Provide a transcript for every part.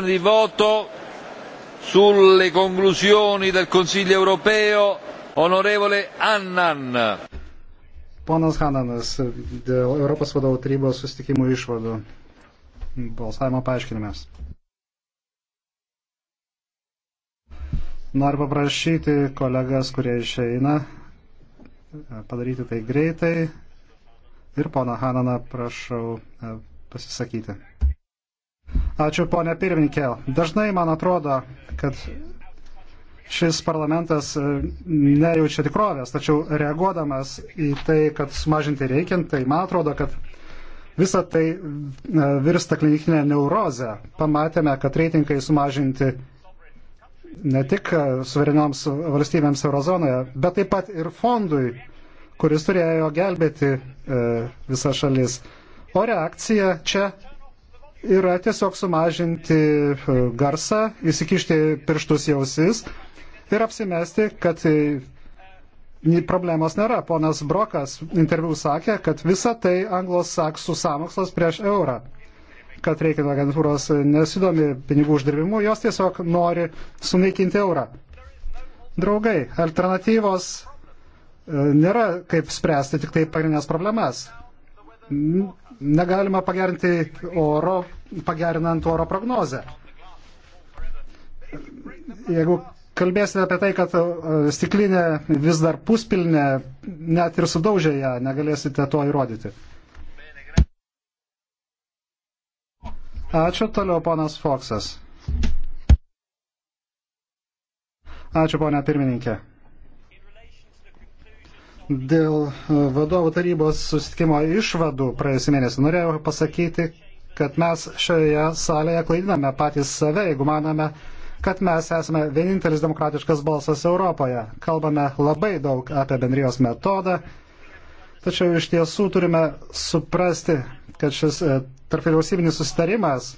dichiarazione di voto sulle conclusioni del Consiglio europeo, onorevole Annan. Ponas Hananas, dėl Europos vadovų tarybos susitikimų išvadų. Balsavimo paaiškinimas. Noriu paprašyti kolegas, kurie išeina, padaryti tai greitai. Ir pono Hananą prašau e, pasisakyti. Ačiū, ponė pirmininkė. Dažnai man atrodo, kad šis parlamentas e, nejaučia tikrovės, tačiau reaguodamas į tai, kad sumažinti reikiant, tai man atrodo, kad visa tai e, virsta klinikinė neurozė. Pamatėme, kad reitingai sumažinti ne tik e, suverenioms valstybėms eurozonoje, bet taip pat ir fondui, kuris turėjo gelbėti visą šalis. O reakcija čia yra tiesiog sumažinti e, garsą, įsikišti pirštus į ausis ir apsimesti, kad e, problemos nėra. Ponas Brokas interviu sakė, kad visa tai anglosaksų samokslas prieš eurą kad reikia agentūros nesidomi pinigų uždirbimu, jos tiesiog nori sunaikinti eurą. Draugai, alternatyvos e, nėra kaip spręsti tik tai pagrindinės problemas negalima pagerinti oro, pagerinant oro prognozę. Jeigu kalbėsime apie tai, kad e, stiklinė vis dar puspilnė, net ir sudaužė ją, negalėsite to įrodyti. Ačiū toliau, ponas Foksas. Ačiū, ponia pirmininkė. Dėl e, vadovų tarybos susitikimo išvadų praėjusį mėnesį norėjau pasakyti, kad mes šioje salėje klaidiname patys save, jeigu manome, kad mes esame vienintelis demokratiškas balsas Europoje. Kalbame labai daug apie bendrijos metodą, tačiau iš tiesų turime suprasti, kad šis e, tarpvyriausybinis susitarimas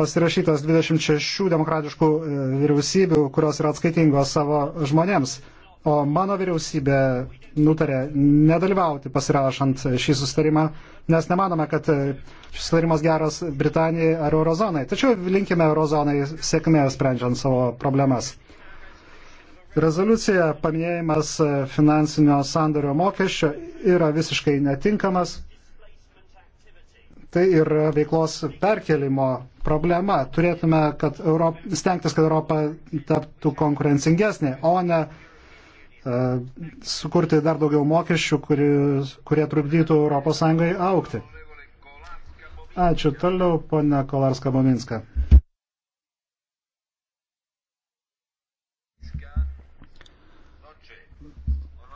pasirašytas 26 demokratiškų e, vyriausybių, kurios yra atskaitingos savo žmonėms O mano vyriausybė nutarė nedalyvauti pasirašant šį sustarimą, nes nemanome, kad šis sustarimas geras Britanijai ar Eurozonai. Tačiau linkime Eurozonai sėkmės sprendžiant savo problemas. Rezoliucija paminėjimas finansinio sandario mokesčio yra visiškai netinkamas. Tai yra veiklos perkelimo problema. Turėtume kad Europ, stengtis, kad Europa taptų konkurencingesnė, o ne E, sukurti dar daugiau mokesčių, kuri, kurie trukdytų ES aukti. Ačiū toliau, ponia Kolarska Mominska.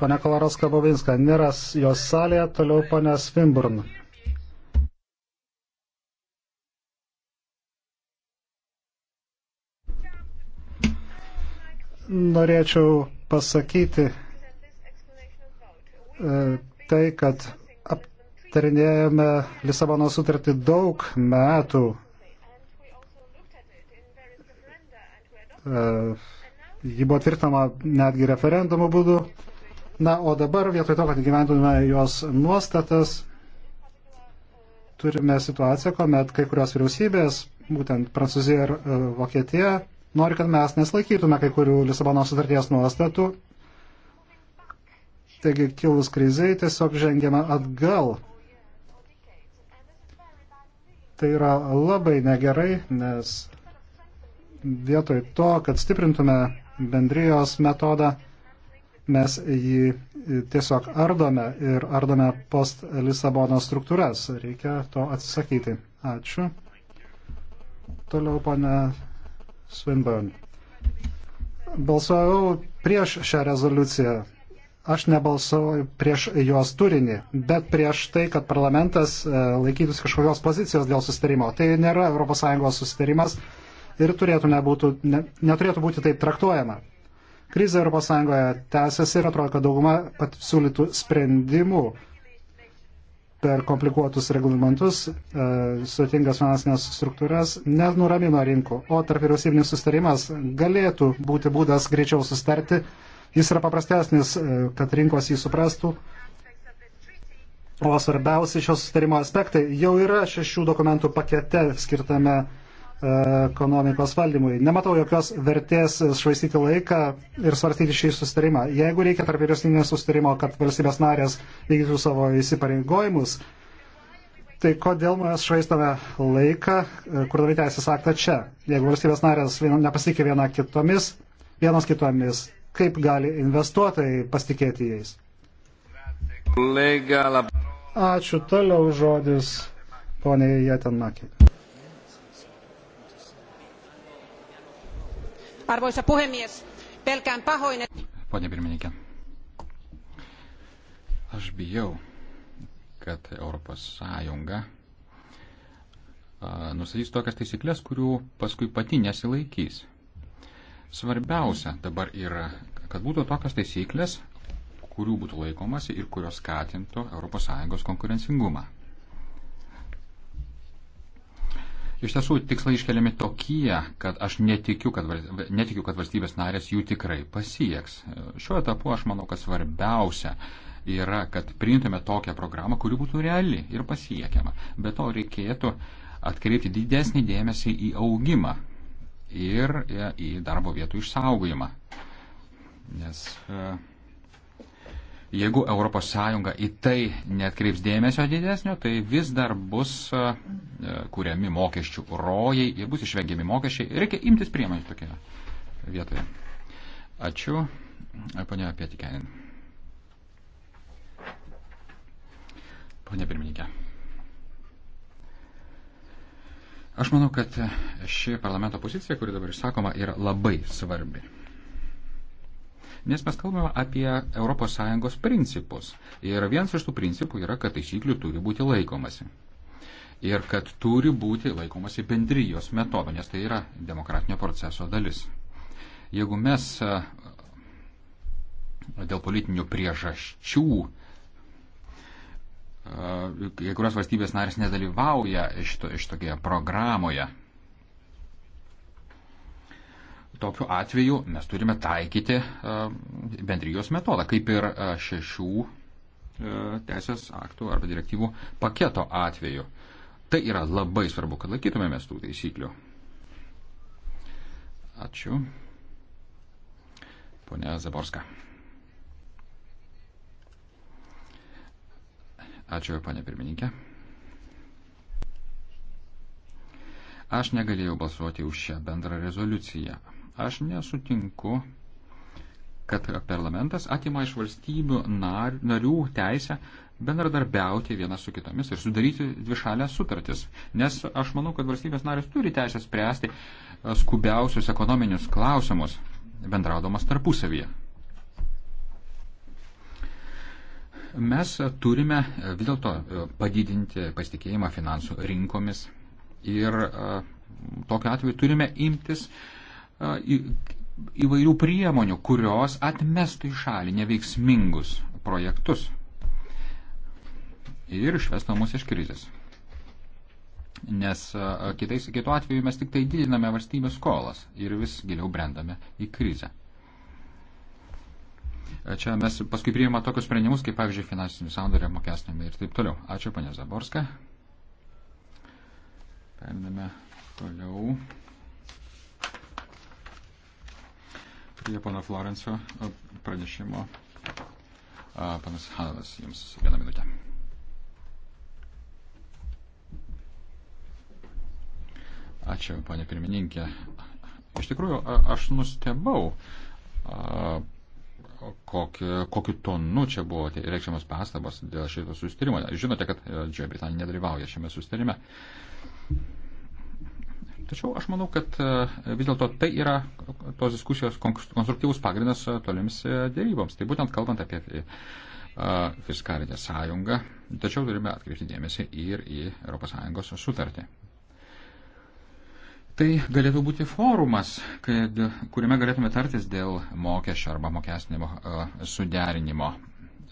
Pane Kolarska Bovinska, nėra jos salėje, toliau pane Svinburn. Norėčiau pasakyti e, tai, kad aptarinėjame Lisabono sutartį daug metų. E, ji buvo tvirtinama netgi referendumų būdu. Na, o dabar vietoj to, kad gyventume jos nuostatas, turime situaciją, kuomet kai kurios vyriausybės, būtent Prancūzija ir e, Vokietija, nori, kad mes neslaikytume kai kurių Lisabono sutarties nuostatų. Taigi, kilus krizai, tiesiog žengiama atgal. Tai yra labai negerai, nes vietoj to, kad stiprintume bendrijos metodą, mes jį tiesiog ardome ir ardome post Lisabono struktūras. Reikia to atsisakyti. Ačiū. Toliau, pane Swinburne. Balsavau prieš šią rezoliuciją. Aš nebalsavau prieš jos turinį, bet prieš tai, kad parlamentas e, laikytųsi kažkokios pozicijos dėl susitarimo. Tai nėra ES susitarimas ir turėtų nebūtų, ne, neturėtų būti taip traktuojama. Krizė ES tęsiasi ir atrodo, kad dauguma pasiūlytų sprendimų per komplikuotus reglamentus, e, sutingas finansinės struktūras, nenuramino rinkų. O tarp vyriausybinis sustarimas galėtų būti būdas greičiau sustarti. Jis yra paprastesnis, e, kad rinkos jį suprastų. O svarbiausi šios sustarimo aspektai jau yra šešių dokumentų pakete skirtame E, ekonomikos valdymui. Nematau jokios vertės švaistyti laiką ir svarstyti šį sustarimą. Jeigu reikia tarp vyriausybinio sustarimo, kad valstybės narės vykdytų savo įsipareigojimus, tai kodėl mes švaistame laiką, e, kurdami teisės aktą čia? Jeigu valstybės narės nepasitikė viena kitomis, vienos kitomis, kaip gali investuotojai pasitikėti jais? Ačiū toliau žodis poniai Jatenmakiai. Arvoisa puhemies, pelkään pahoin, että... Pone pirmininkė, aš bijau, kad Europos Sąjunga nustatys tokias taisyklės, kurių paskui pati nesilaikys. Svarbiausia dabar yra, kad būtų tokias taisyklės, kurių būtų laikomasi ir kurios skatintų ES konkurencingumą. Iš tiesų, tikslai iškeliami tokie, kad aš netikiu kad, netikiu, kad valstybės narės jų tikrai pasieks. Šiuo etapu aš manau, kad svarbiausia yra, kad priimtume tokią programą, kuri būtų reali ir pasiekiama. Be to reikėtų atkreipti didesnį dėmesį į augimą ir į darbo vietų išsaugojimą. Nes. Uh, Jeigu ES į tai netkreips dėmesio didesnio, tai vis dar bus e, e, kuriami mokesčių rojai ir bus išvengiami mokesčiai. Reikia imtis priemonių tokioje vietoje. Ačiū, ponia Pietikenin. Pone pirmininkė. Aš manau, kad ši parlamento pozicija, kuri dabar išsakoma, yra labai svarbi. Nes mes kalbame apie ES principus. Ir vienas iš tų principų yra, kad taisyklių turi būti laikomasi. Ir kad turi būti laikomasi bendrijos metodo, nes tai yra demokratinio proceso dalis. Jeigu mes dėl politinių priežasčių kai kurios valstybės narės nedalyvauja šito, šitokioje programoje, tokiu atveju mes turime taikyti e, bendrijos metodą, kaip ir e, šešių e, teisės aktų arba direktyvų paketo atveju. Tai yra labai svarbu, kad laikytumėmės tų taisyklių. Ačiū. Pone Zaborska. Ačiū, pane pirmininkė. Aš negalėjau balsuoti už šią bendrą rezoliuciją. Aš nesutinku, kad parlamentas atima iš valstybių nar, narių teisę bendradarbiauti vienas su kitomis ir sudaryti dvišalės sutartis. Nes aš manau, kad valstybės narės turi teisę spręsti e, skubiausius ekonominius klausimus bendraudamas tarpusavyje. Mes turime e, vis dėlto e, padidinti pasitikėjimą finansų rinkomis ir tokiu atveju turime imtis uh, įvairių priemonių, kurios atmestų į šalį neveiksmingus projektus ir išvestų mus iš krizės. Nes kitais, kitu atveju mes tik tai didiname valstybės skolas ir vis giliau brendame į krizę. Čia mes paskui priima tokius sprendimus, kaip pavyzdžiui, finansinių sandorių apmokestinimai ir taip toliau. Ačiū, panė Zaborska. Periname toliau. prie pono Florenco pranešimo. Panas Hanas, jums vieną minutę. Ačiū, ponė pirmininkė. Iš tikrųjų, aš nustebau, kokiu, kokiu tonu čia buvo tai reikšiamas pastabos dėl šito sustarimo. Žinote, kad Didžioji Britanija nedalyvauja šiame sustarime. Tačiau aš manau, kad e, vis dėlto tai yra tos diskusijos konstruktyvus pagrindas e, tolims e, dėryboms. Tai būtent kalbant apie fiskalinę sąjungą, tačiau turime atkreipti dėmesį ir į ES sutartį. Tai galėtų būti forumas, kad, kuriame galėtume tartis dėl mokesčio arba mokesnimo suderinimo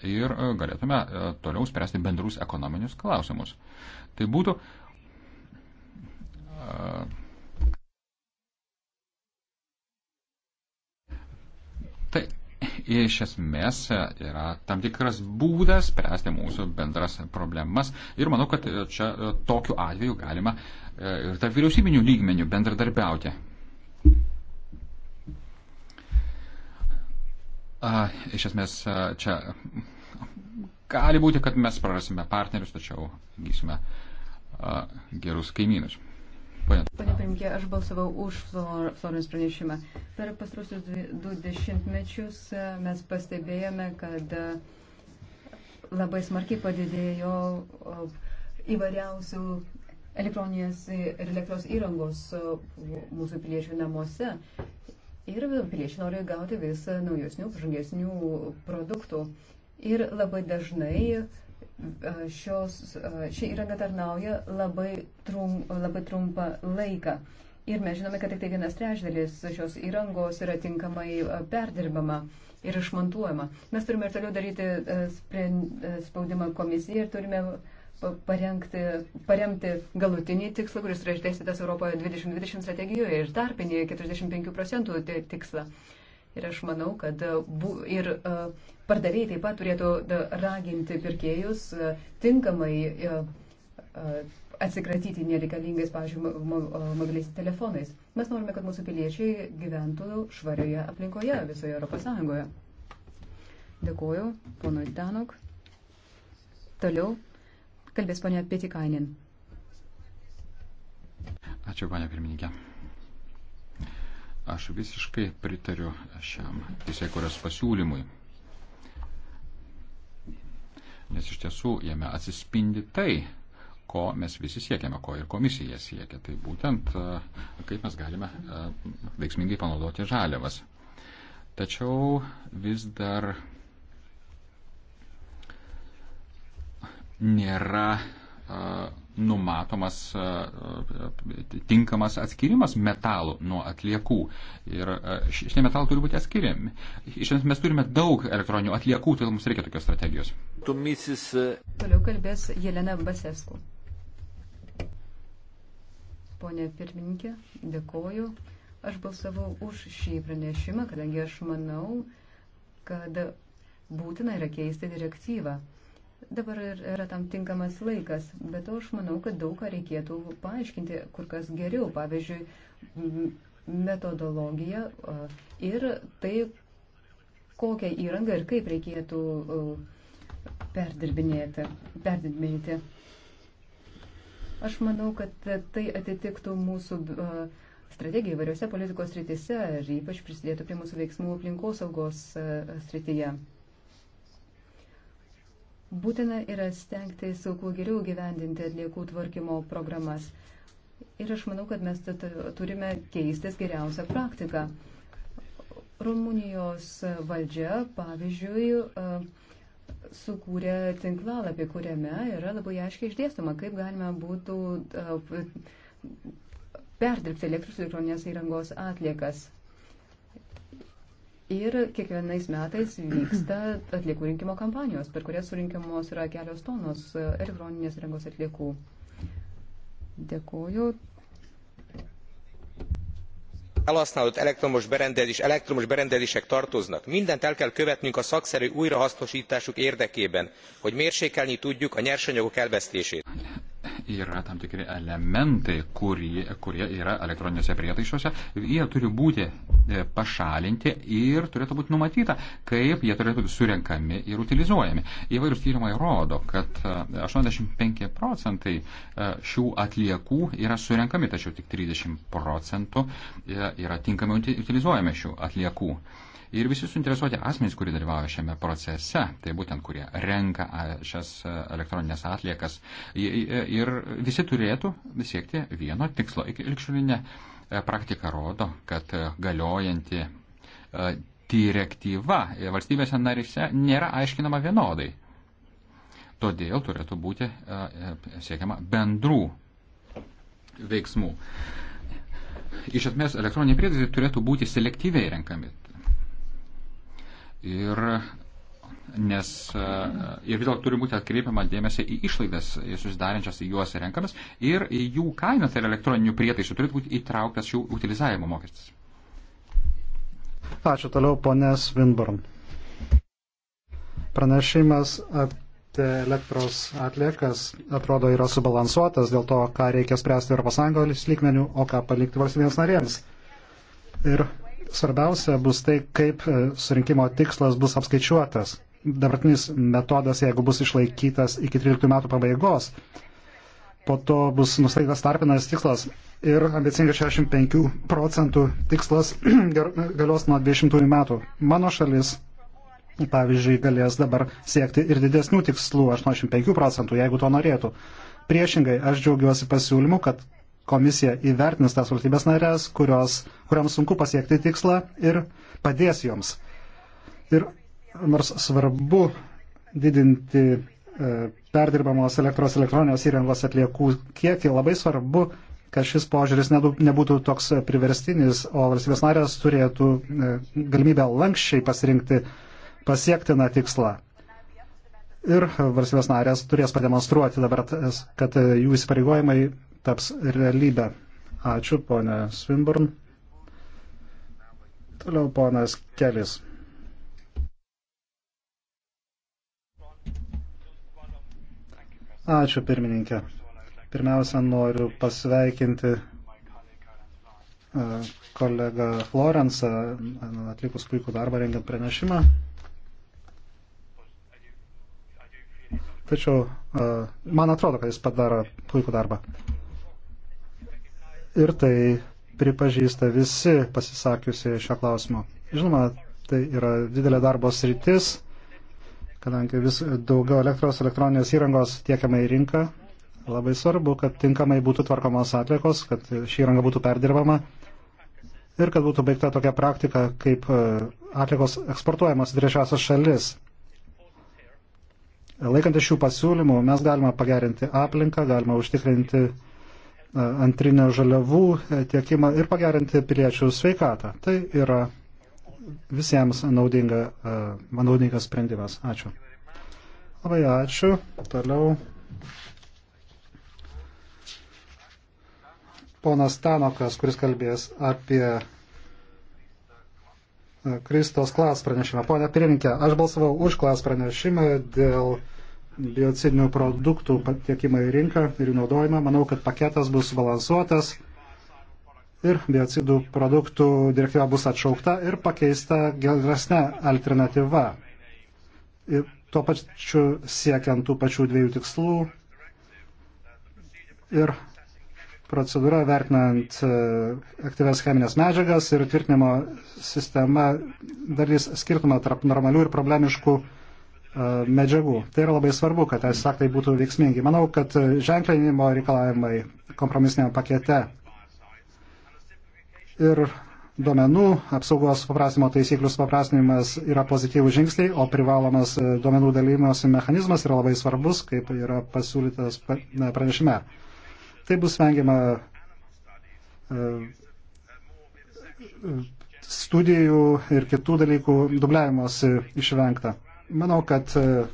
ir galėtume toliau spręsti bendrus ekonominius klausimus. Tai būtų iš esmės e, yra tam tikras būdas spręsti mūsų bendras problemas. Ir manau, kad e, čia e, tokiu atveju galima ir tarp vyriausybinių lygmenių bendradarbiauti. Iš esmės čia gali būti, kad mes prarasime partnerius, tačiau gysime gerus kaimynus. Pane Pirmkė, aš balsavau už Florence pranešimą. Per pastrusius du dešimtmečius e, mes pastebėjome, kad e, labai smarkiai padidėjo įvairiausių elektroninės ir elektros įrangos e, mūsų piliečių namuose. Ir piliečiai nori gauti vis naujesnių, pažangesnių produktų. Ir labai dažnai uh, šios, ši įranga tarnauja labai, trum, labai trumpą laiką. Ir mes žinome, kad tik tai vienas trečdalis šios įrangos yra tinkamai perdirbama ir išmontuojama. Mes turime ir toliau daryti spaudimą komisijai ir turime parengti, paremti galutinį tikslą, kuris yra išdėstytas Europoje 2020 strategijoje ir tarpinį 45 procentų tikslą. Uh, Ir aš manau, kad e, bu, ir e, pardavėjai taip pat turėtų e, raginti pirkėjus tinkamai atsikratyti nereikalingais, pavyzdžiui, mobiliais telefonais. Mes norime, kad mūsų piliečiai gyventų švarioje aplinkoje visoje Europos Sąjungoje. Dėkuoju, ponui Danok. Toliau kalbės ponia Pietikainin. Ačiū, ponia pirmininkė. Aš visiškai pritariu šiam teisėkuros pasiūlymui. Nes iš tiesų jame atsispindi tai, ko mes visi siekiame, ko ir komisija siekia. Tai būtent, e, kaip mes galime e, veiksmingai panaudoti žaliavas. Tačiau vis dar nėra numatomas tinkamas atskirimas metalų nuo atliekų. Ir šitie metalai turi būti atskiriami. Iš esmės mes turime daug elektroninių atliekų, todėl mums reikia tokios strategijos. Tumisis. Toliau kalbės Jelena Basesku. Pone pirmininkė, dėkoju. Aš balsavau už šį pranešimą, kadangi aš manau, kad būtina yra keisti direktyvą dabar yra tam tinkamas laikas, bet aš manau, kad daug ką reikėtų paaiškinti kur kas geriau, pavyzdžiui, metodologiją ir tai, kokią įrangą ir kaip reikėtų perdirbinėti. perdirbinėti. Aš manau, kad tai atitiktų mūsų strategiją įvairiose politikos rytise ir ypač prisidėtų prie mūsų veiksmų aplinkosaugos srityje. Būtina yra stengtis kuo geriau gyvendinti atliekų tvarkymo programas. Ir aš manau, kad mes turime keistis geriausią praktiką. Rumunijos valdžia, pavyzdžiui, sukūrė tinklalapį, kuriame yra labai aiškiai išdėstoma, kaip galima būtų perdirbti elektros elektroninės įrangos atliekas. Ir kiekvienais metais vyksta atliekų rinkimo kampanijos, per kurias surinkiamos yra kelios tonos elektroninės rengos atliekų. Dėkuoju. Elhasználott elektromos berendezés, elektromos berendezések tartoznak. Mindent el kell követnünk a szakszerű újrahasznosításuk érdekében, hogy mérsékelni tudjuk a nyersanyagok elvesztését yra tam tikri elementai, kurie, kurie yra elektroniniuose prietaišiuose, jie turi būti e, pašalinti ir turėtų būti numatyta, kaip jie turėtų būti surenkami ir utilizuojami. Įvairūs tyrimai rodo, kad 85 e, procentai e, šių atliekų yra surenkami, tačiau tik 30 procentų yra tinkamai utilizuojami šių atliekų ir visi suinteresuoti asmenys, kurie dalyvauja šiame procese, tai būtent kurie renka šias e, elektroninės atliekas e, ir visi turėtų siekti vieno tikslo. Likšulinė e, praktika rodo, kad galiojanti direktyva valstybėse narise nėra aiškinama vienodai. Todėl turėtų būti siekiama bendrų veiksmų. Iš esmės, elektroniniai prietaisai turėtų būti selektyviai renkami. Ir, nes, e, ir vis dėlto turi būti atkreipiama dėmesį į išlaidas susidarančias į juos renkamas ir į jų kainą, tai yra elektroninių prietaisų, turėtų būti įtrauktas jų utilizavimo mokestis. Ačiū toliau, ponės Vinborn. Pranešimas apie elektros atliekas atrodo yra subalansuotas dėl to, ką reikia spręsti Europos Sąjungos lygmenių, o ką palikti valstybėms narėms. Ir Svarbiausia bus tai, kaip e, surinkimo tikslas bus apskaičiuotas. Dabartinis metodas, jeigu bus išlaikytas iki 13 metų pabaigos, po to bus nustatytas tarpinas tikslas ir ambicingas 65 procentų tikslas galios nuo 20 metų. Mano šalis, pavyzdžiui, galės dabar siekti ir didesnių tikslų 85 procentų, jeigu to norėtų. Priešingai, aš džiaugiuosi pasiūlymu, kad komisija įvertins tas valstybės narės, kurios, kuriams sunku pasiekti tikslą ir padės joms. Ir nors svarbu didinti e, perdirbamos elektros elektroninės įrengos atliekų kiekį, labai svarbu, kad šis požiūris nebūtų toks priverstinis, o valstybės narės turėtų e, galimybę lankščiai pasirinkti pasiektiną tikslą ir valstybės narės turės pademonstruoti dabar, kad e, jų įsipareigojimai taps realybę. Ačiū, ponė Svinburn. Toliau ponas Kelis. Ačiū, pirmininkė. Pirmiausia, noriu pasveikinti uh, kolegą Florensą, uh, atlikus puikų darbą rengiant pranešimą. Tačiau uh, man atrodo, kad jis padaro puikų darbą ir tai pripažįsta visi pasisakiusi šio klausimo. Žinoma, tai yra didelė darbo sritis, kadangi vis daugiau elektros elektroninės įrangos tiekiama į rinką. Labai svarbu, kad tinkamai būtų tvarkomos atliekos, kad ši įranga būtų perdirbama ir kad būtų baigta tokia praktika, kaip e, atliekos eksportuojamos į trečiasias šalis. Laikant iš šių pasiūlymų, mes galime pagerinti aplinką, galime užtikrinti uh, antrinę žaliavų e, tiekimą ir pagerinti piliečių sveikatą. Tai yra visiems naudinga, e, naudingas sprendimas. Ačiū. Labai ačiū. Toliau. Ponas Tanokas, kuris kalbės apie e, Kristos klas pranešimą. Pone pirmininkė, aš balsavau už klas pranešimą dėl biocidinių produktų patiekimą į rinką ir jų naudojimą. Manau, kad paketas bus balansuotas ir biocidų produktų direktyva bus atšaukta ir pakeista geresnė alternatyva. Ir tuo pačiu siekiant tų pačių dviejų tikslų ir procedūra vertinant e, aktyves cheminės medžiagas ir tvirtinimo sistema darys skirtumą tarp normalių ir problemiškų E, medžiagų. Tai yra labai svarbu, kad teisės aktai būtų veiksmingi. Manau, kad ženklinimo reikalavimai kompromisinėme pakete ir duomenų apsaugos paprastinimo taisyklių supaprastinimas yra pozityvų žingsniai, o privalomas e, duomenų dalymosi mechanizmas yra labai svarbus, kaip yra pasiūlytas pranešime. Tai bus vengiama e, studijų ir kitų dalykų dubliavimuose išvengta. Manau, kad e,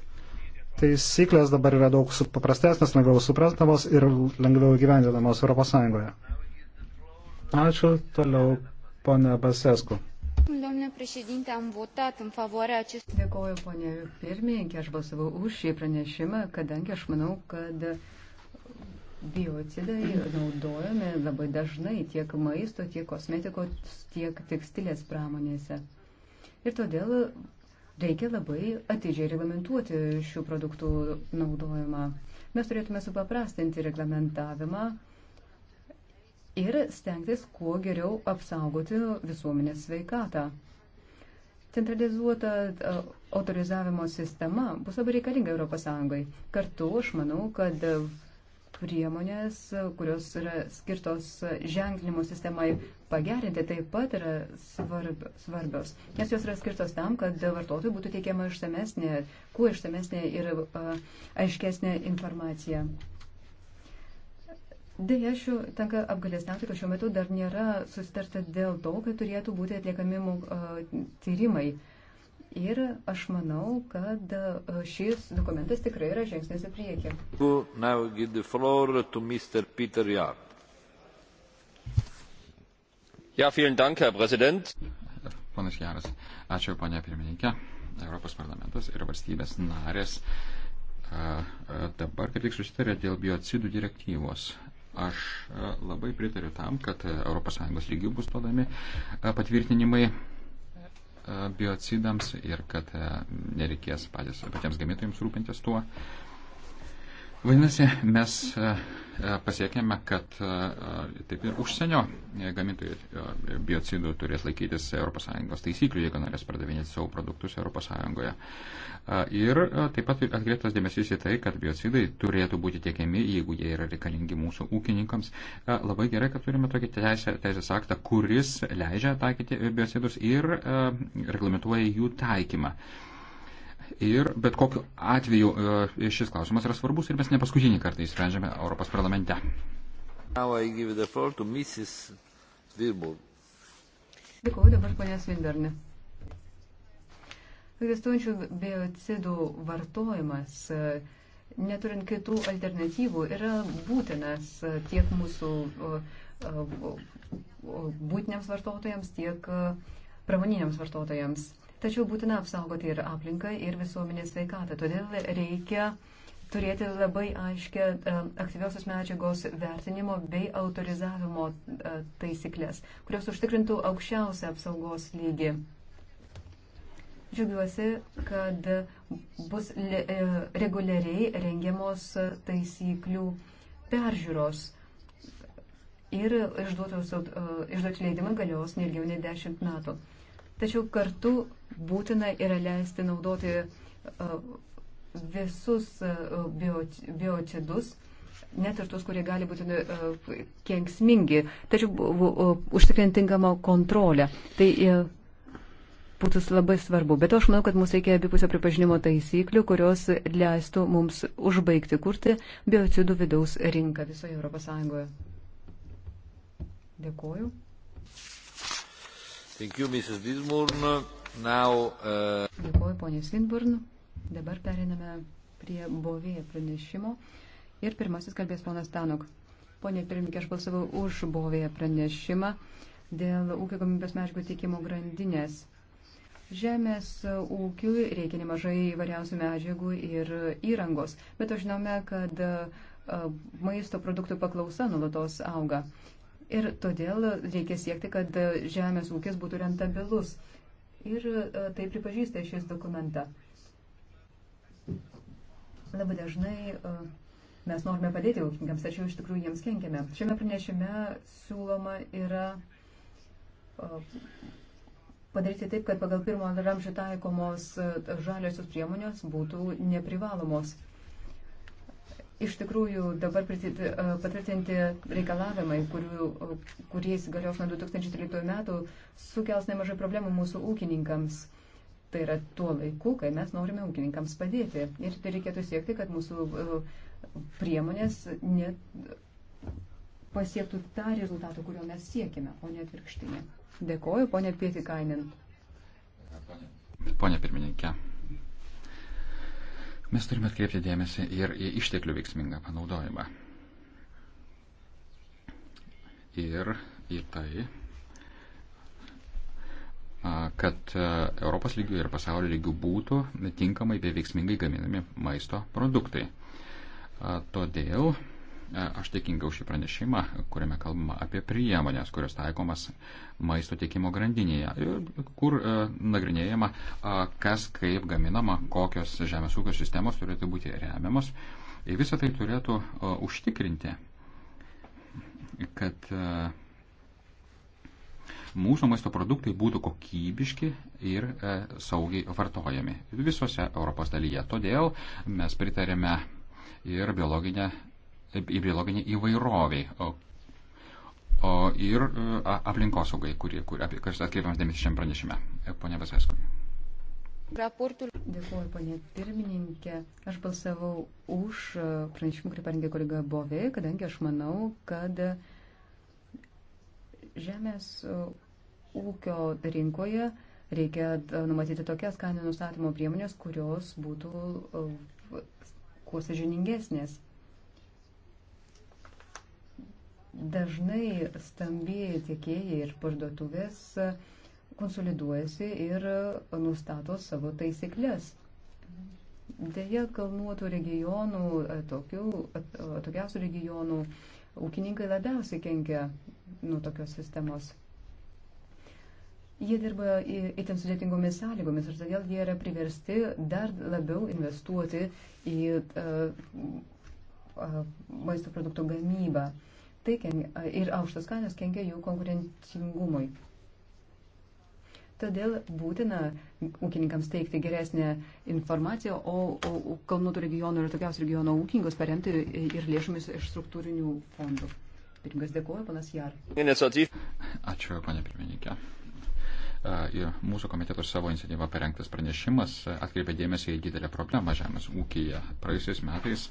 taisyklės dabar yra daug paprastesnės, lengviau suprantamos ir lengviau gyvendinamos ES. Ačiū. Toliau, ponia Basesku. Dėkuoju, ponė pirmininkė, aš balsavau už šį pranešimą, kadangi aš manau, kad biocidai naudojami labai dažnai tiek maisto, tiek kosmetikos, tiek tekstilės pramonėse. Ir todėl Reikia labai atidžiai reglamentuoti šių produktų naudojimą. Mes turėtume supaprastinti reglamentavimą ir stengtis kuo geriau apsaugoti visuomenės sveikatą. Centralizuota autorizavimo sistema bus labai reikalinga ES. Kartu aš manau, kad priemonės, kurios yra skirtos ženklinimo sistemai pagerinti, taip pat yra svarbios, nes jos yra skirtos tam, kad vartotojui būtų teikiama išsamesnė, kuo išsamesnė ir a, aiškesnė informacija. Deja, šiuo tenka apgalėsnauti, kad šiuo metu dar nėra susitarta dėl to, kad turėtų būti atliekami uh, tyrimai uh, Ir aš manau, kad e, šis dokumentas tikrai yra žingsnis į priekį. Ja, Dank, Herr Präsident. Panas Jaras, ačiū, ponia pirmininkė. Europos parlamentas ir valstybės narės e, e, dabar kaip tik susitarė dėl biocidų direktyvos. Aš labai pritariu tam, kad ES lygių bus padami patvirtinimai E, biocidams ir kad e, nereikės patys, patiems gamintojams rūpintis tuo. Vadinasi, mes e, pasiekėme, kad e, e, taip ir užsienio gamintojai biocidų turės laikytis ES taisyklių, jeigu norės pardavinėti savo produktus ES. Ir taip pat atkreiptas dėmesys į tai, kad biocidai turėtų būti tiekiami, jeigu jie yra reikalingi mūsų ūkininkams. Labai gerai, kad turime tokį teisę, teisės aktą, kuris leidžia taikyti biocidus ir reglamentuoja jų taikymą. Ir bet kokiu atveju e, šis klausimas yra svarbus ir mes ne paskutinį kartą įsprendžiame Europos parlamente. Dėkuoju dabar ponės Vildarne. Egzistuojančių biocidų vartojimas, e, neturint kitų alternatyvų, yra būtinas e, tiek mūsų būtiniams vartotojams, tiek pramoniniams vartotojams. Tačiau būtina apsaugoti ir aplinką, ir visuomenės sveikatą. Todėl reikia turėti labai aiškę e, aktyviosios medžiagos vertinimo bei autorizavimo e, taisyklės, kurios užtikrintų aukščiausią apsaugos lygį. Džiugiuosi, kad bus e, reguliariai rengiamos taisyklių peržiūros ir išduotos, išduoti leidimą galios nelgiau nei 10 metų. Tačiau kartu būtina yra leisti naudoti e, visus e, biocidus, net ir tuos, kurie gali būti e, kenksmingi, tačiau užtikrintingamą kontrolę. Tai būtų labai svarbu. Bet aš manau, kad mums reikia abipusio pripažinimo taisyklių, kurios leistų mums užbaigti kurti biocidų vidaus rinką visoje ES. Dėkuoju. You, Now, uh... Dėkuoju, ponė Svinburn. Dabar periname prie Bovė pranešimo. Ir pirmasis kalbės ponas Tanok. Pone pirmininkė, aš balsavau už Bovė pranešimą dėl ūkio gamybės medžiagų teikimo grandinės. Žemės ūkiui reikia nemažai įvairiausių medžiagų ir įrangos, bet žinome, kad uh, maisto produktų paklausa nulatos auga. Ir todėl reikia siekti, kad žemės ūkis būtų rentabilus. Ir e, tai pripažįsta šis dokumentą. Labai dažnai e, mes norime padėti ūkininkams, tačiau iš tikrųjų jiems kenkiame. Šiame pranešime siūloma yra e, padaryti taip, kad pagal pirmojo ramžio taikomos žaliosios priemonės būtų neprivalomos. Iš tikrųjų, dabar patvirtinti reikalavimai, kurių, kuriais galios nuo 2013 metų, sukels nemažai problemų mūsų ūkininkams. Tai yra tuo laiku, kai mes norime ūkininkams padėti. Ir tai reikėtų siekti, kad mūsų priemonės pasiektų tą rezultatą, kurio mes siekime, o ne atvirkštinė. Dėkoju, ponė Pietikainin. Ponė pirmininkė, Mes turime atkreipti dėmesį ir į išteklių veiksmingą panaudojimą. Ir į tai, kad Europos lygių ir pasaulio lygių būtų tinkamai bei veiksmingai gaminami maisto produktai. Todėl E, aš dėkinga už šį pranešimą, kuriame kalbama apie priemonės, kurios taikomas maisto tiekimo grandinėje, kur e, nagrinėjama, e, kas kaip gaminama, kokios žemės ūkio sistemos turėtų būti remiamos. Ir visą tai turėtų užtikrinti, kad mūsų maisto produktai būtų kokybiški ir e, saugiai vartojami visose Europos dalyje. Todėl mes pritarėme ir biologinę į biologinį įvairovį o, o, ir e, a, aplinkosaugai, kuris kur, atkreipiamas dėmesys šiam pranešime. E, Pone Vasesku. Raportul. Dėkuoju, ponė pirmininkė. Aš balsavau už e, pranešimą, kurį parengė kolega Bovė, kadangi aš manau, kad žemės ūkio rinkoje reikia numatyti tokias kainų nustatymo priemonės, kurios būtų kuo sažiningesnės. Dažnai stambiai tiekėjai ir parduotuvės konsoliduojasi ir nustato savo taisyklės. Deja, kalnuotų regionų, tokių, tokiausių regionų ūkininkai labiausiai kenkia nuo tokios sistemos. Jie dirba itin sudėtingomis sąlygomis ir todėl jie yra priversti dar labiau investuoti į uh, uh, maisto produktų gamybą. Uh, tai kengia, ir aukštos kainos kenkia jų konkurencingumui. Todėl būtina ūkininkams teikti geresnę informaciją, o, o kalnuotų regionų ir tokiausių regionų ūkininkus paremti ir lėšomis iš struktūrinių fondų. Pirmininkas dėkuoju, panas Jar. Ačiū, panė pirmininkė mūsų komiteto savo iniciatyvą parengtas pranešimas atkreipė dėmesį į didelę problemą žemės ūkija. Praėjusiais metais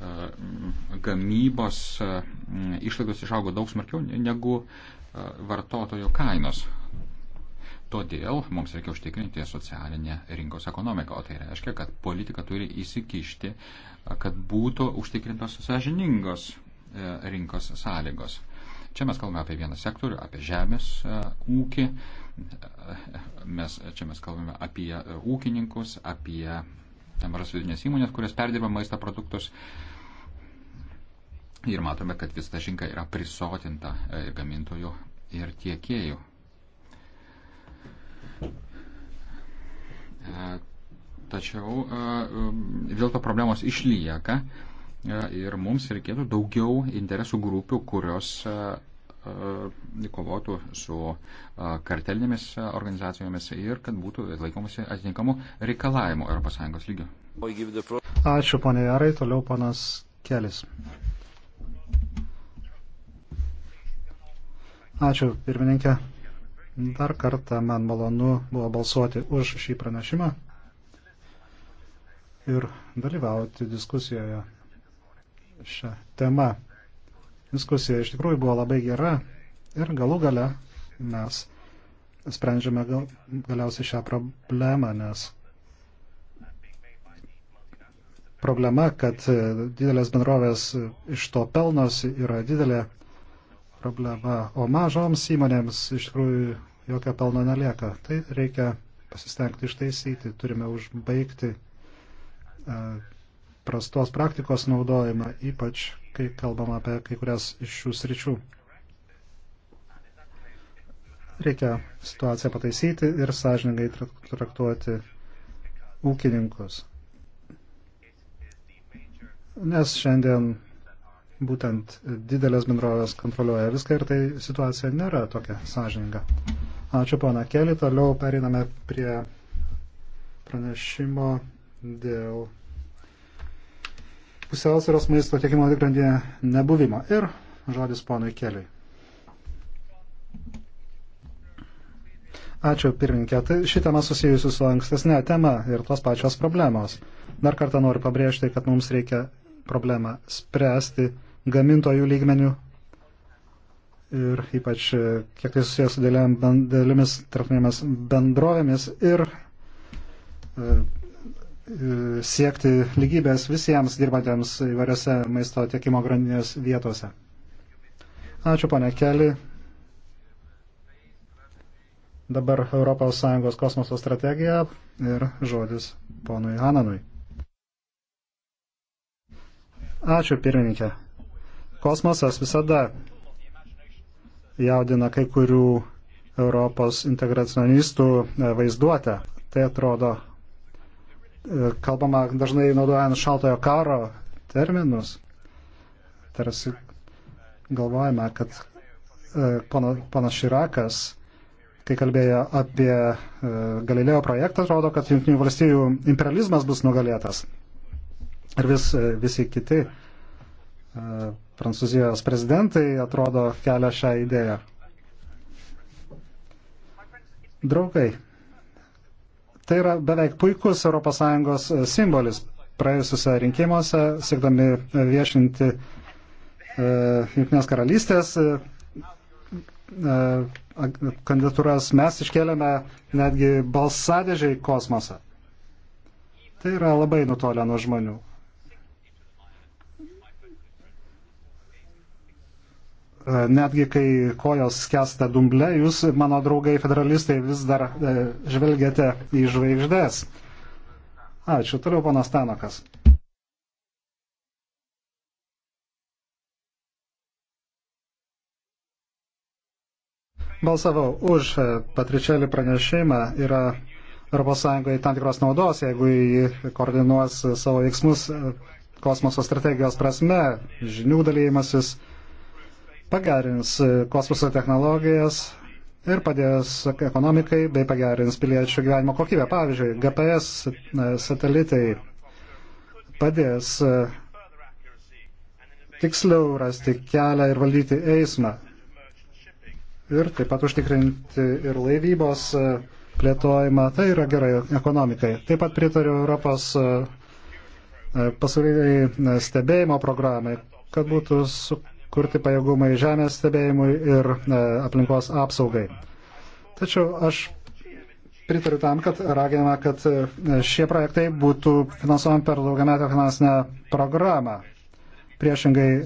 E, gamybos e, išlaidos išaugo daug smarkiau negu e, vartotojo kainos. Todėl mums reikia užtikrinti socialinę rinkos ekonomiką, o tai reiškia, kad politika turi įsikišti, kad būtų užtikrintos sąžiningos rinkos sąlygos. Čia mes kalbame apie vieną sektorių, apie žemės ūkį, mes, čia mes kalbame apie ūkininkus, apie mažas vidinės įmonės, kurios perdirba maisto produktus. Uh, Ir matome, kad visa ta rinka yra prisotinta ir e, gamintojų, ir tiekėjų. E, tačiau vėl e, to problemos išlieka ir mums reikėtų daugiau interesų grupių, kurios kovotų su kartelinėmis organizacijomis ir kad būtų laikomasi atitinkamų reikalavimų ES lygių. Ačiū, ponė Jarai. Toliau panas Kelis. Ačiū, pirmininkė. Dar kartą man malonu buvo balsuoti už šį pranešimą ir dalyvauti diskusijoje šią temą. Diskusija iš tikrųjų buvo labai gera ir galų gale mes sprendžiame gal, galiausiai šią problemą, nes problema, kad didelės bendrovės iš to pelnos yra didelė problema, o mažoms įmonėms iš tikrųjų jokio pelno nelieka. Tai reikia pasistengti ištaisyti, turime užbaigti e, prastos praktikos naudojimą, ypač kai kalbam apie kai kurias iš šių sričių. Reikia situaciją pataisyti ir sąžiningai traktuoti ūkininkus. Nes šiandien būtent didelės bendrovės kontroliuoja viską ir tai situacija nėra tokia sąžininga. Ačiū pana Keli, toliau periname prie pranešimo dėl pusiausvėros maisto tiekimo grandinė nebuvimo ir žodis ponui Keliui. Ačiū pirmininkė. Tai ši tema susijusi su ankstesnė tema ir tos pačios problemos. Dar kartą noriu pabrėžti, kad mums reikia problemą spręsti gamintojų lygmenių ir ypač e, kiek tai susijęs su dėlėmis tarpinėmis bendrovėmis ir e, e, siekti lygybės visiems dirbantiems įvairiose maisto tiekimo grandinės vietose. Ačiū, ponė Keli. Dabar ES kosmoso strategija ir žodis ponui Hananui. Ačiū, pirmininkė. Kosmosas visada jaudina kai kurių Europos integracionistų e, vaizduotę. Tai atrodo, e, kalbama dažnai naudojant šaltojo karo terminus, tarsi galvojame, kad e, panas Širakas, kai kalbėjo apie Galilėjo projektą, atrodo, kad Junktinių valstybių imperializmas bus nugalėtas. Ir vis, visi kiti uh, E, Prancūzijos prezidentai atrodo kelia šią idėją. Draugai, tai yra beveik puikus ES simbolis. Praėjusiuose rinkimuose, siekdami viešinti e, Junktinės karalystės e, e kandidatūras, mes iškėlėme netgi balsadėžiai kosmosą. Tai yra labai nutolę nuo žmonių. E, netgi kai kojos skęsta dumble, jūs, mano draugai federalistai, vis dar e, žvelgiate į žvaigždės. Ačiū. Toliau panas Tanokas. Balsavau už e, Patričelį pranešimą. Yra ES tam tikros naudos, jeigu jį koordinuos savo veiksmus kosmoso strategijos prasme, žinių dalymasis pagerins e, kosmoso technologijas ir padės ekonomikai bei pagerins piliečių gyvenimo kokybę. Pavyzdžiui, GPS e, satelitai padės e, tiksliau rasti kelią ir valdyti eismą. Ir taip pat užtikrinti ir laivybos plėtojimą. Tai yra gerai ekonomikai. Taip pat pritariu Europos pasauliniai stebėjimo programai, kad būtų su kurti pajėgumai žemės stebėjimui ir e, aplinkos apsaugai. Tačiau aš pritariu tam, kad raginama, kad e, šie projektai būtų finansuojami per daugiametę finansinę programą. Priešingai e,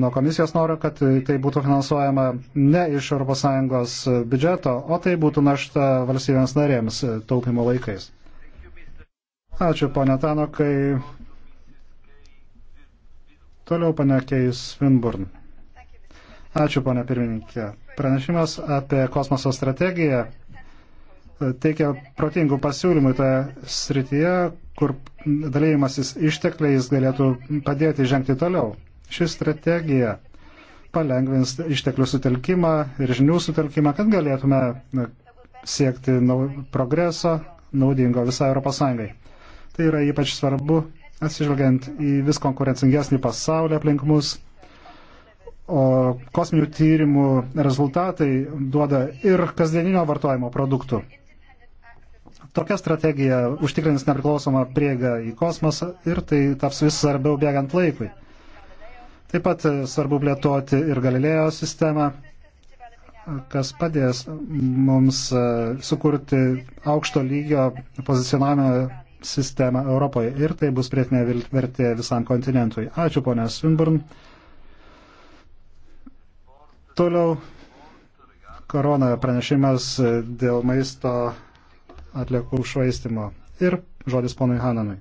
nuo komisijos noriu, kad tai būtų finansuojama ne iš ES biudžeto, o tai būtų našta valstybėms narėms taupimo laikais. Ačiū, ponė Tano, kai Toliau panekiais Winburn. Ačiū, ponė pirmininkė. Pranešimas apie kosmoso strategiją e, teikia protingų pasiūlymų toje srityje, kur dalymasis ištekliais galėtų padėti žengti toliau. Ši strategija palengvins išteklių sutelkimą ir žinių sutelkimą, kad galėtume e, siekti progreso naudingo visai ES. Tai yra ypač svarbu atsižvelgiant į vis konkurencingesnį pasaulį aplink mus. O kosminių tyrimų rezultatai duoda ir kasdieninio vartojimo produktų. Tokia strategija užtikrins nepriklausomą prieigą į kosmosą ir tai taps vis svarbiau bėgant laikui. Taip pat svarbu plėtoti ir Galilėjo sistemą, kas padės mums e, sukurti aukšto lygio pozicionavimą sistemą Europoje ir tai bus prietinė vertė visam kontinentui. Ačiū, ponė Svinburn. Toliau korona pranešimas dėl maisto atliekų švaistimo. Ir žodis ponui Hananui.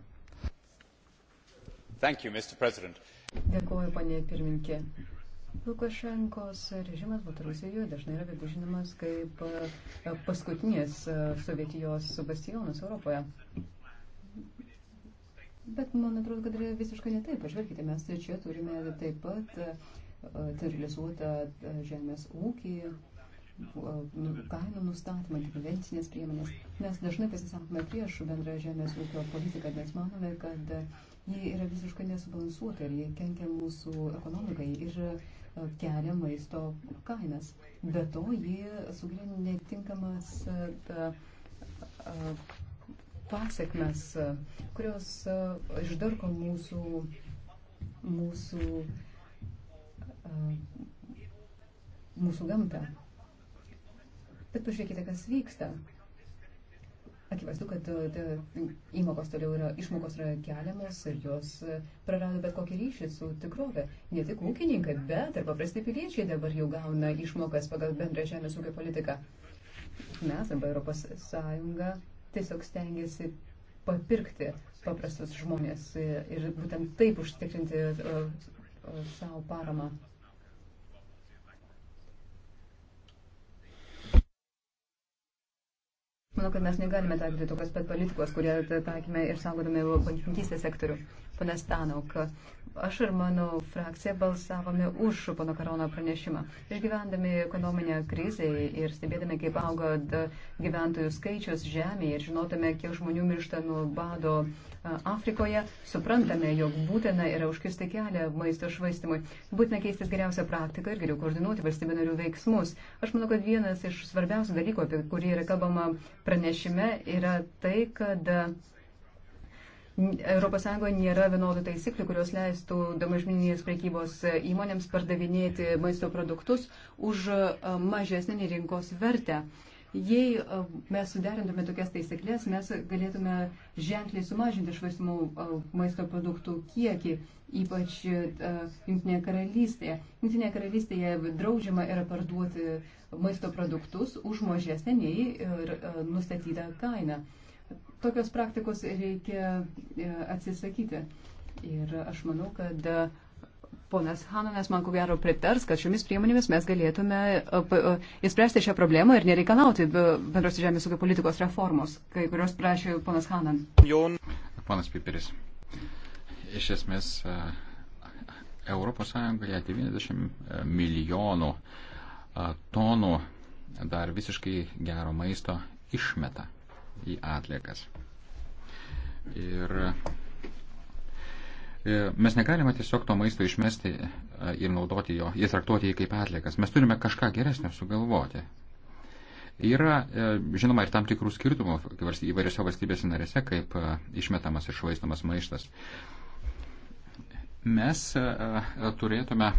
Dėkuoju, ponė pirmininkė. Lukašenkos režimas Baltarusijoje dažnai yra apibrėžinamas kaip e, paskutinės e, Sovietijos bastionas Europoje. Bet man atrodo, kad yra visiškai netaip. Pažvelkite, mes čia turime taip pat e, centralizuotą e, žemės ūkį, e, kainų nustatymą, intervencinės priemonės. Mes dažnai pasisakome prieš bendrą žemės ūkio politiką, nes manome, kad ji yra visiškai nesubalansuota ir ji kenkia mūsų ekonomikai ir kelia maisto kainas. Be to, ji sugrindė netinkamas. Ta, a, pasiekmes, e, kurios e, išdarko mūsų, mūsų, e, mūsų gamtą. Bet pažiūrėkite, kas vyksta. Akivaizdu, kad įmokos toliau yra, išmokos yra keliamos ir jos prarado bet kokį ryšį su tikrove. Ne tik ūkininkai, bet ir paprasti piliečiai dabar jau gauna išmokas pagal bendrą žemės ūkio politiką. Mes arba Europos Sąjunga tiesiog stengiasi papirkti paprastus žmonės ir būtent taip užtikrinti e, e, savo paramą. Manau, kad mes negalime taikyti tokios pat politikos, kurią taikime ir saugodami bankininkystės sektorių. Pane Stanauk, aš ir mano frakcija balsavome už pono Karono pranešimą. Išgyvendami ekonominę krizę ir stebėdami, kaip auga gyventojų skaičius žemėje ir žinodami, kiek žmonių miršta nuo bado Afrikoje, suprantame, jog būtina yra užkirsti kelią maisto švaistimui. Būtina keistis geriausią praktiką ir geriau koordinuoti valstybių narių veiksmus. Aš manau, kad vienas iš svarbiausių dalykų, apie kurį yra kalbama pranešime, yra tai, kad ES nėra vienodų taisyklių, kurios leistų domažmininės prekybos įmonėms pardavinėti maisto produktus už mažesnį rinkos vertę. Uh, Jei e, mes suderintume tokias taisyklės, mes galėtume ženkliai sumažinti švaistimų e, maisto produktų kiekį, ypač e, Junktinėje karalystėje. Junktinėje karalystėje draudžiama yra parduoti maisto produktus už mažesnę nei nustatytą kainą. Tokios praktikos reikia atsisakyti. Ir aš manau, kad Ponas Hanonas man ko gero pritars, kad šiomis priemonėmis mes galėtume įspręsti e, e, šią problemą ir nereikalauti bendros žemės ūkio politikos reformos, kai kurios prašė ponas Hanan. Jon. Ponas Piperis. Iš esmės, ES 90 e, milijonų tonų dar visiškai gero maisto išmeta į atliekas. Ir E, mes negalime tiesiog to maisto išmesti e, ir naudoti jo, ir traktuoti jį kaip atliekas. Mes turime kažką geresnio sugalvoti. Yra, e, žinoma, ir tam tikrų skirtumų įvairiose valstybėse narėse, kaip išmetamas ir švaistamas maištas. Mes turėtume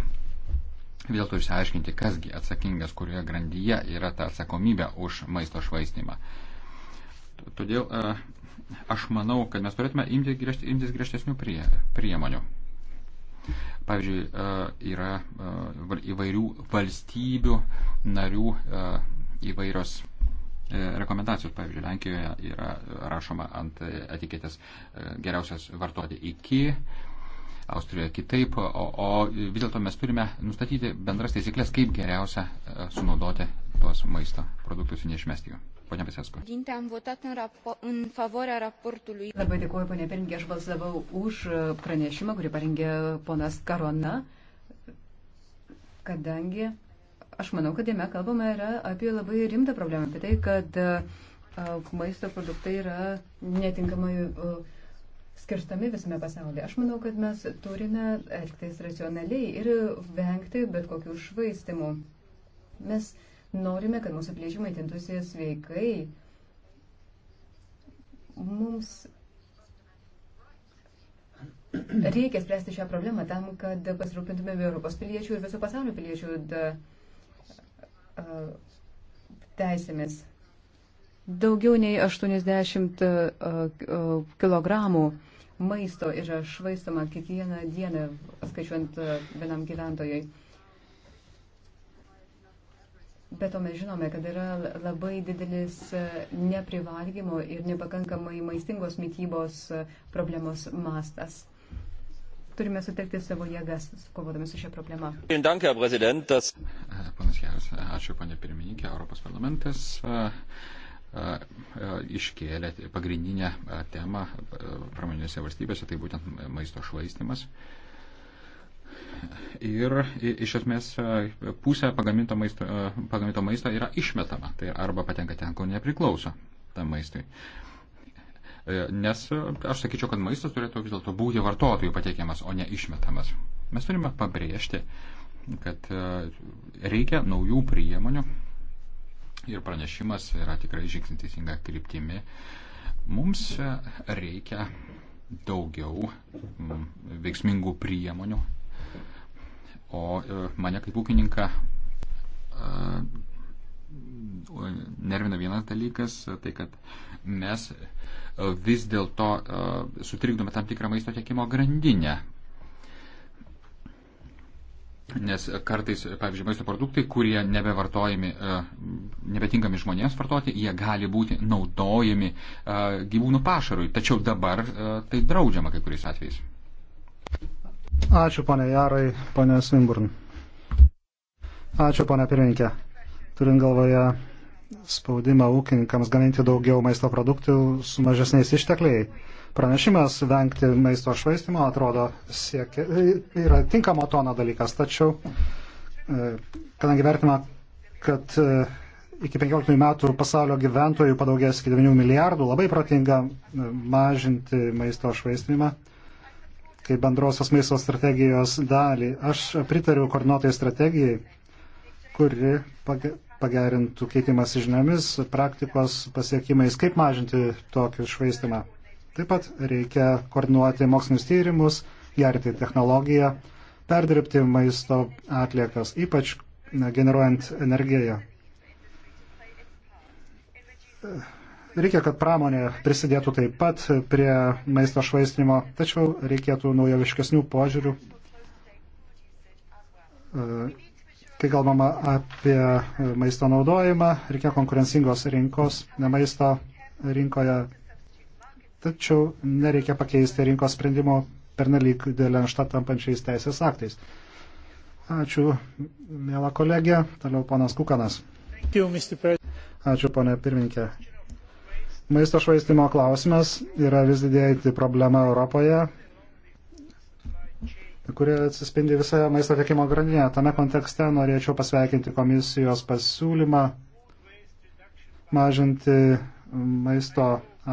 vėl to išsiaiškinti, kasgi atsakingas, kurioje grandyje yra ta atsakomybė už maisto švaistimą. Todėl aš manau, kad mes turėtume imtis, griežt, imtis griežtesnių prie, priemonių. Pavyzdžiui, e, yra e, įvairių valstybių narių e, įvairios rekomendacijos. Pavyzdžiui, Lenkijoje yra rašoma ant etiketės geriausias vartoti iki, Austrijoje kitaip, o, o vis dėlto mes turime nustatyti bendras taisyklės, kaip geriausia sunaudoti tuos maisto produktus ir neišmesti jų. Pone Visesko. Labai dėkuoju, ponė Pirinkė, aš balsavau už uh, pranešimą, kurį parengė ponas Karona, kadangi aš manau, kad jame kalbama yra apie labai rimtą problemą, apie tai, kad uh, uh, maisto produktai yra netinkamai skirstami visame pasaulyje. Aš manau, kad mes turime elgtis racionaliai ir vengti bet kokių švaistimų. Mes norime, kad mūsų piliečiai maitintųsi sveikai, mums reikia spręsti šią problemą tam, kad pasirūpintume Europos piliečių ir viso pasaulio piliečių da, uh, teisėmis. Daugiau nei 80 kg maisto yra švaistoma kiekvieną dieną, skaičiuojant vienam gyventojui. Bet to mes žinome, kad yra labai didelis e, neprivalgymo ir nepakankamai maistingos mytybos e, problemos mastas. Turime sutelkti savo jėgas, kovodami su šia problema. Panas e, Geras, ačiū, panė pirmininkė, Europos parlamentas iškėlė pagrindinę temą pramoninėse valstybėse, tai būtent maisto švaistimas ir iš esmės e, pusė pagaminto maisto, e, pagaminto maisto yra išmetama, tai arba patenka ten, kur nepriklauso tam maistui. E, nes aš sakyčiau, kad maistas turėtų vis dėlto būti vartotojų pateikiamas, o ne išmetamas. Mes turime pabrėžti, kad reikia naujų priemonių ir pranešimas yra tikrai žingsnis teisinga kryptimi. Mums reikia daugiau veiksmingų priemonių O e, mane kaip ūkininką e, nervina vienas dalykas, tai kad mes e, vis dėlto sutrikdome tam tikrą maisto tiekimo grandinę. Nes kartais, pavyzdžiui, maisto produktai, kurie nebevartojami, nebetinkami žmonėms vartoti, jie gali būti naudojami gyvūnų pašarui. Tačiau dabar tai draudžiama kai kuriais atvejais. Ačiū, ponė Jarai, ponė Svinburn. Ačiū, ponė pirmininkė. Turint galvoje spaudimą ūkininkams gaminti daugiau maisto produktų su mažesniais ištekliai. Pranešimas vengti maisto švaistimo atrodo siekia, yra tinkamo tono dalykas, tačiau e, kadangi vertima, kad e, iki 15 metų pasaulio gyventojų padaugės iki 9 milijardų, labai protinga e, mažinti maisto švaistimą kaip bendrosios maisto strategijos dalį. Aš pritariu koordinuotojai strategijai, kuri pagerintų keitimas žiniomis, praktikos pasiekimais, kaip mažinti tokį švaistimą. Taip pat reikia koordinuoti mokslinius tyrimus, gerti technologiją, perdirbti maisto atliekas, ypač generuojant energiją. Reikia, kad pramonė prisidėtų taip pat prie maisto švaistimo, tačiau reikėtų naujoviškesnių požiūrių. E, kai kalbama apie maisto naudojimą, reikia konkurencingos rinkos, maisto rinkoje, tačiau nereikia pakeisti rinkos sprendimo pernelyg didelę naštą tampančiais teisės aktais. Ačiū, mėla kolegė. Toliau ponas Kukanas. Ačiū, ponė pirminkė. Maisto švaistimo klausimas yra vis didėjanti problema Europoje, kurie atsispindi visoje maisto tiekimo grandinėje. Tame kontekste norėčiau pasveikinti komisijos pasiūlymą mažinti maisto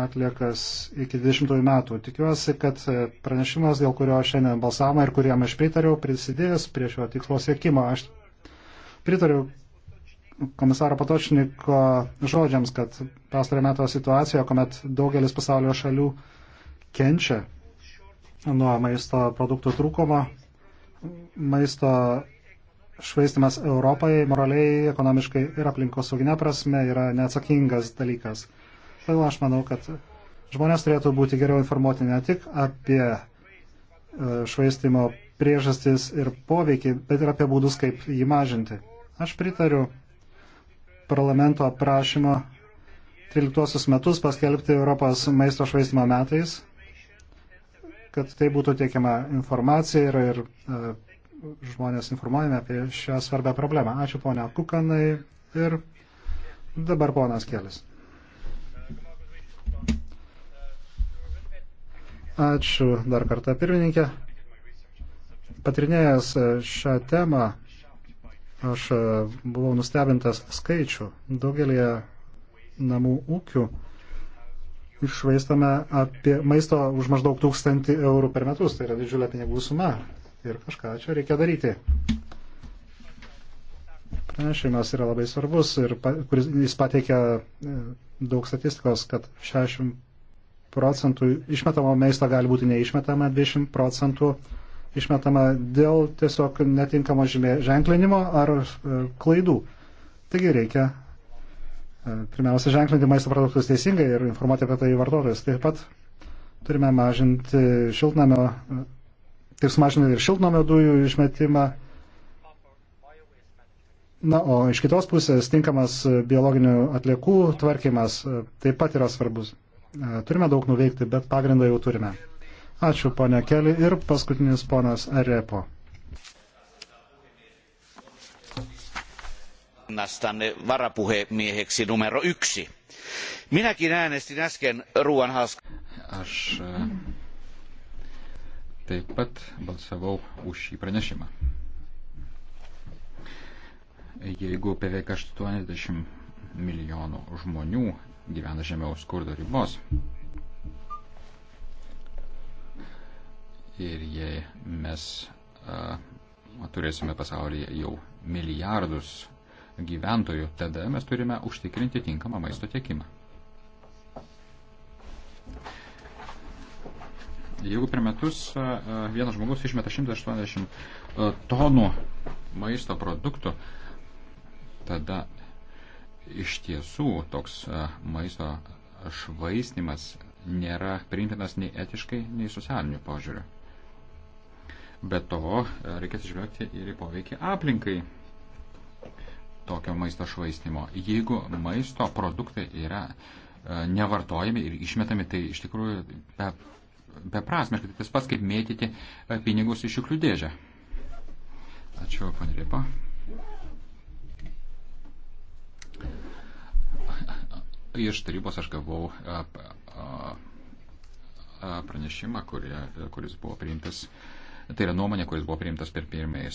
atliekas iki 20 metų. Tikiuosi, kad pranešimas, dėl kurio šiandien balsavome ir kuriam aš pritariau, prisidės prie šio tikslo siekimo. Aš pritariu komisaro Patočniko žodžiams, kad pastarė meto situacijoje, kuomet daugelis pasaulio šalių kenčia nuo maisto produktų trūkumo, maisto švaistimas Europai moraliai, ekonomiškai ir aplinkosauginė prasme yra neatsakingas dalykas. Todėl aš manau, kad žmonės turėtų būti geriau informuoti ne tik apie e, švaistimo priežastis ir poveikį, bet ir apie būdus, kaip jį mažinti. Aš pritariu parlamento prašymo 13 metus paskelbti Europos maisto švaistimo metais, kad tai būtų tiekiama informacija ir, ir e, žmonės informuojame apie šią svarbę problemą. Ačiū ponia Kukanai ir dabar ponas Kelis. Ačiū dar kartą pirmininkė. Patirinėjęs e, šią temą, Aš e, buvau nustebintas skaičių. Daugelį namų ūkių išvaistame apie maisto už maždaug tūkstantį eurų per metus. Tai yra didžiulė pinigų suma. Ir kažką čia reikia daryti. Pranešimas yra labai svarbus ir kuris, jis pateikia e, daug statistikos, kad 60 procentų išmetamo maisto gali būti neišmetama, 20 procentų išmetama dėl tiesiog netinkamo žymė, ženklinimo ar e, klaidų. Taigi reikia e, pirmiausia ženklinti maisto produktus teisingai ir informuoti apie tai vartotojus. Taip pat turime mažinti šiltnamio, e, taip sumažinti ir šiltnamio dujų išmetimą. Na, o iš kitos pusės tinkamas biologinių atliekų tvarkymas taip pat yra svarbus. Turime daug nuveikti, bet pagrindą jau turime. Ačiū, ponia Keli. Ir paskutinis ponas Arepo. valinnastanne varapuhemieheksi numero yksi. Minäkin äänestin äsken ruoan haska. Aš eh, taip pat balsavau už šį pranešimą. Jeigu beveik 80 milijonų žmonių gyvena žemiau skurdo ribos, ir jei mes a, turėsime pasaulyje jau milijardus gyventojų, tada mes turime užtikrinti tinkamą maisto tiekimą. Jeigu per metus vienas žmogus išmeta 180 tonų maisto produktų, tada iš tiesų toks maisto švaistimas nėra priimtinas nei etiškai, nei socialiniu požiūriu. Bet to e, reikės išvelgti ir į poveikį aplinkai tokio maisto švaistimo. Jeigu maisto produktai yra e, nevartojami ir išmetami, tai iš tikrųjų be, beprasmiškai, tai tas pats kaip mėtyti e, pinigus iš šiuklių dėžę. Ačiū, pan Ripa. Iš tarybos aš gavau pranešimą, kuris buvo priimtas uh, Tai yra nuomonė, kuris buvo priimtas per pirmąjį